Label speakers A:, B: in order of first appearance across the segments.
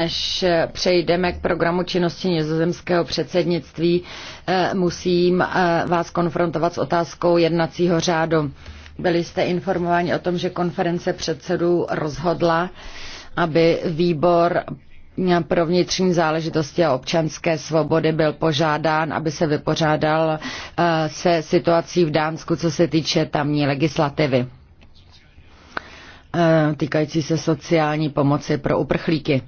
A: Než eh, přejdeme k programu činnosti nizozemského předsednictví, eh, musím eh, vás konfrontovat s otázkou jednacího řádu. Byli jste informováni o tom, že konference předsedů rozhodla, aby výbor pro vnitřní záležitosti a občanské svobody byl požádán, aby se vypořádal se situací v Dánsku, co se týče tamní legislativy týkající se sociální pomoci pro uprchlíky.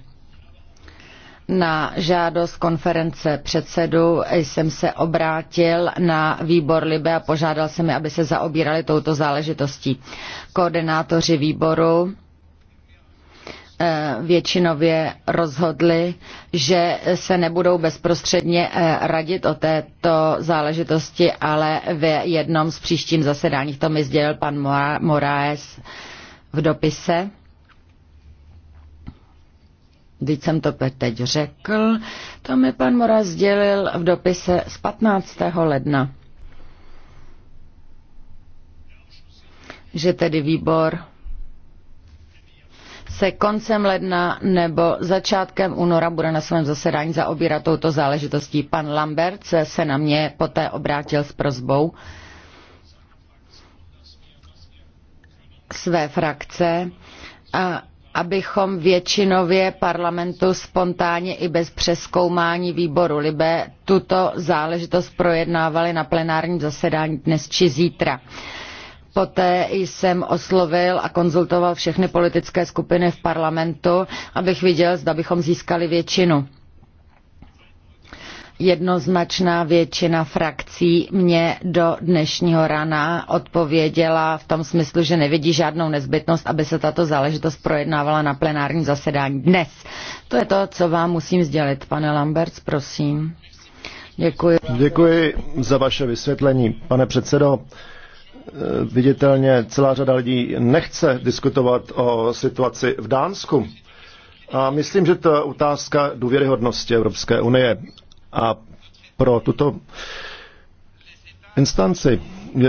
A: Na žádost konference předsedu jsem se obrátil na výbor Libe a požádal jsem je, aby se zaobírali touto záležitostí. Koordinátoři výboru eh, většinově rozhodli, že se nebudou bezprostředně eh, radit o této záležitosti, ale ve jednom z příštím zasedáních to mi sdělil pan Moraes v dopise. Vždyť jsem to teď řekl, to mi pan Mora sdělil v dopise z 15. ledna. Že tedy výbor se koncem ledna nebo začátkem února bude na svém zasedání zaobírat touto záležitostí. Pan Lambert se, se na mě poté obrátil s prozbou své frakce, a abychom většinově parlamentu spontánně i bez přeskoumání výboru Libe tuto záležitost projednávali na plenárním zasedání dnes či zítra. Poté jsem oslovil a konzultoval všechny politické skupiny v parlamentu, abych viděl, zda bychom získali většinu jednoznačná většina frakcí mě do dnešního rana odpověděla v tom smyslu, že nevidí žádnou nezbytnost, aby se tato záležitost projednávala na plenární zasedání dnes. To je to, co vám musím sdělit. Pane Lamberts, prosím.
B: Děkuji. Děkuji za vaše vysvětlení, pane předsedo. Viditelně celá řada lidí nechce diskutovat o situaci v Dánsku. A myslím, že to je otázka důvěryhodnosti Evropské unie. A pro tuto instanci je